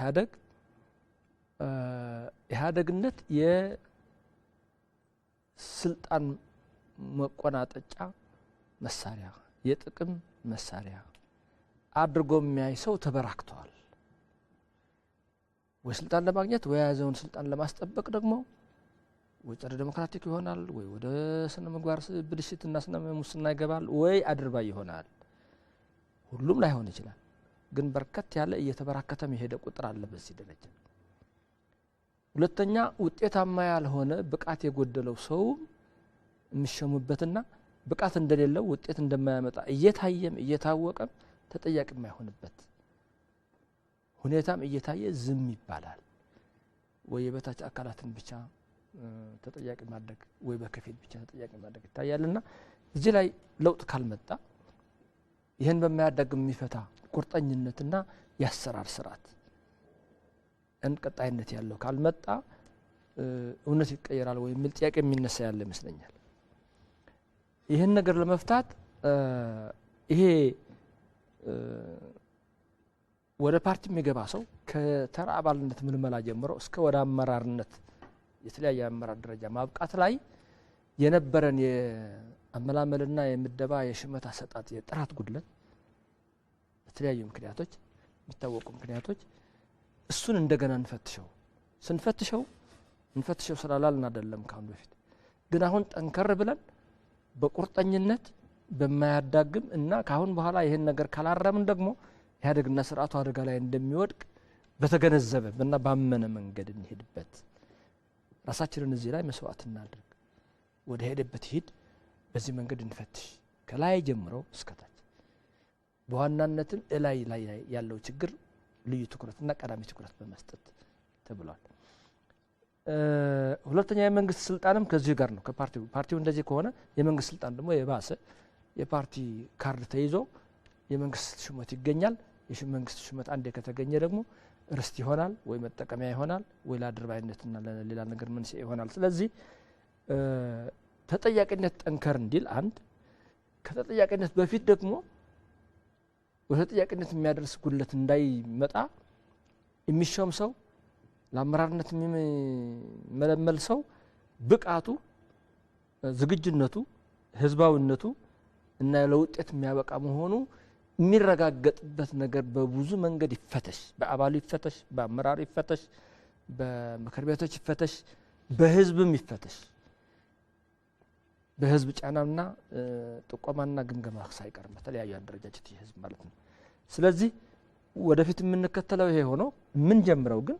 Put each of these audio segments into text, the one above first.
ኢህአደግ ኢህአደግነት የስልጣን መቆናጠጫ መሳሪያ የጥቅም መሳሪያ አድርጎ የሚያይ ሰው ተበራክተዋል። ወይ ስልጣን ለማግኘት ወይ የያዘውን ስልጣን ለማስጠበቅ ደግሞ ወይ ጸረ ዴሞክራቲክ ይሆናል፣ ወይ ወደ ስነ ምግባር ብልሽትና ስነ ሙስና ይገባል፣ ወይ አድርባይ ይሆናል። ሁሉም ላይሆን ይችላል። ግን በርከት ያለ እየተበራከተ የሄደ ቁጥር አለ በዚህ ደረጃ። ሁለተኛ ውጤታማ ያልሆነ ብቃት የጎደለው ሰው የሚሸሙበትና ብቃት እንደሌለው ውጤት እንደማያመጣ እየታየም እየታወቀም ተጠያቂ የማይሆንበት ሁኔታም እየታየ ዝም ይባላል። ወይ የበታች አካላትን ብቻ ተጠያቂ ማድረግ ወይ በከፊል ብቻ ተጠያቂ ማድረግ ይታያልና እዚህ ላይ ለውጥ ካልመጣ ይህን በማያዳግም የሚፈታ ቁርጠኝነትና የአሰራር ስርዓት ቀጣይነት ያለው ካልመጣ እውነት ይቀየራል ወይ የሚል ጥያቄ የሚነሳ ያለ ይመስለኛል። ይህን ነገር ለመፍታት ይሄ ወደ ፓርቲ የሚገባ ሰው ከተራ አባልነት ምልመላ ጀምሮ እስከ ወደ አመራርነት የተለያየ አመራር ደረጃ ማብቃት ላይ የነበረን አመላመልና የምደባ የሽመት አሰጣጥ የጥራት ጉድለት በተለያዩ ምክንያቶች የሚታወቁ ምክንያቶች እሱን እንደገና እንፈትሸው ስንፈትሸው እንፈትሸው ስላላልን አደለም ካሁን በፊት ግን አሁን ጠንከር ብለን በቁርጠኝነት በማያዳግም እና ካሁን በኋላ ይህን ነገር ካላረምን ደግሞ ኢህአዴግና ስርዓቱ አደጋ ላይ እንደሚወድቅ በተገነዘበ እና ባመነ መንገድ እንሄድበት። ራሳችንን እዚህ ላይ መስዋዕት እናድርግ። ወደ ሄደበት ሂድ በዚህ መንገድ እንፈትሽ ከላይ ጀምሮ እስከታች በዋናነትም እላይ ላይ ያለው ችግር ልዩ ትኩረትና ቀዳሚ ትኩረት በመስጠት ተብሏል። ሁለተኛ የመንግስት ስልጣንም ከዚሁ ጋር ነው። ከፓርቲው ፓርቲው እንደዚህ ከሆነ የመንግስት ስልጣን ደግሞ የባሰ የፓርቲ ካርድ ተይዞ የመንግስት ሹመት ይገኛል። የመንግስት ሹመት አንዴ ከተገኘ ደግሞ ርስት ይሆናል ወይ መጠቀሚያ ይሆናል ወይ ለአድርባይነትና ለሌላ ነገር መንስኤ ይሆናል። ስለዚህ ተጠያቂነት ጠንከር እንዲል አንድ ከተጠያቂነት በፊት ደግሞ ወደ ተጠያቂነት የሚያደርስ ጉለት እንዳይመጣ የሚሾም ሰው ለአመራርነት የሚመለመል ሰው ብቃቱ፣ ዝግጁነቱ፣ ህዝባዊነቱ እና ለውጤት የሚያበቃ መሆኑ የሚረጋገጥበት ነገር በብዙ መንገድ ይፈተሽ። በአባሉ ይፈተሽ፣ በአመራሩ ይፈተሽ፣ በምክር ቤቶች ይፈተሽ፣ በህዝብም ይፈተሽ። በህዝብ ጫናና ጥቆማና ግምገማ ሳይቀርም በተለያዩ አደረጃጀት የህዝብ ማለት ነው። ስለዚህ ወደፊት የምንከተለው ይሄ ሆኖ የምንጀምረው ግን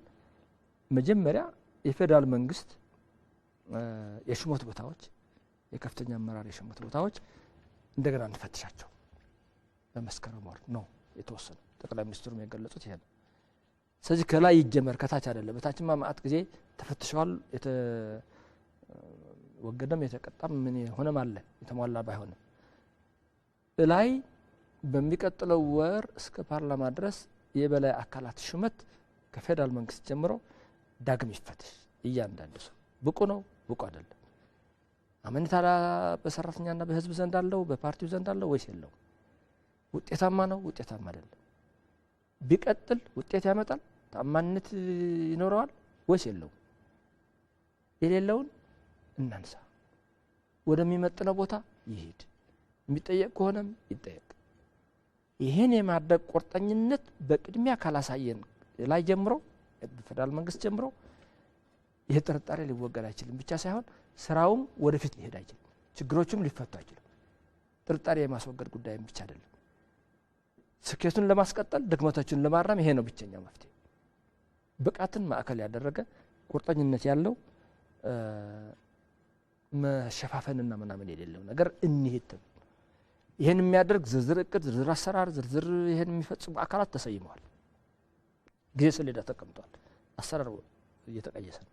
መጀመሪያ የፌዴራል መንግስት የሽሞት ቦታዎች የከፍተኛ አመራር የሽሞት ቦታዎች እንደገና እንፈትሻቸው በመስከረም ወር ነው የተወሰነ ጠቅላይ ሚኒስትሩም የገለጹት ይሄ ነው። ስለዚህ ከላይ ይጀመር ከታች አይደለም። በታችማ ማአት ጊዜ ተፈትሸዋል ወገደም የተቀጣም ምን የሆነም አለ የተሟላ ባይሆንም እላይ በሚቀጥለው ወር እስከ ፓርላማ ድረስ የበላይ አካላት ሹመት ከፌዴራል መንግስት ጀምሮ ዳግም ይፈትሽ። እያንዳንዱ ሰው ብቁ ነው ብቁ አይደለም፣ አመኔታ በሰራተኛና በህዝብ ዘንድ አለው በፓርቲው ዘንድ አለው ወይስ የለው ውጤታማ ነው ውጤታማ አይደለም፣ ቢቀጥል ውጤት ያመጣል ታማነት ይኖረዋል ወይስ የለው የሌለውን እናንሳ ወደሚመጥነው ቦታ ይሄድ የሚጠየቅ ከሆነም ይጠየቅ ይህን የማድረግ ቁርጠኝነት በቅድሚያ ካላሳየን ላይ ጀምሮ ፌደራል መንግስት ጀምሮ ይህ ጥርጣሬ ሊወገድ አይችልም ብቻ ሳይሆን ስራውም ወደፊት ሊሄድ አይችልም ችግሮቹም ሊፈቱ አይችልም ጥርጣሬ የማስወገድ ጉዳይም ብቻ አይደለም ስኬቱን ለማስቀጠል ድክመቶችን ለማረም ይሄ ነው ብቸኛው መፍትሄ ብቃትን ማዕከል ያደረገ ቁርጠኝነት ያለው መሸፋፈንና ምናምን የሌለው ነገር እንሄድ ተብሎ ይህን የሚያደርግ ዝርዝር እቅድ፣ ዝርዝር አሰራር፣ ዝርዝር ይህን የሚፈጽሙ አካላት ተሰይመዋል። ጊዜ ሰሌዳ ተቀምጧል። አሰራር እየተቀየሰ ነው።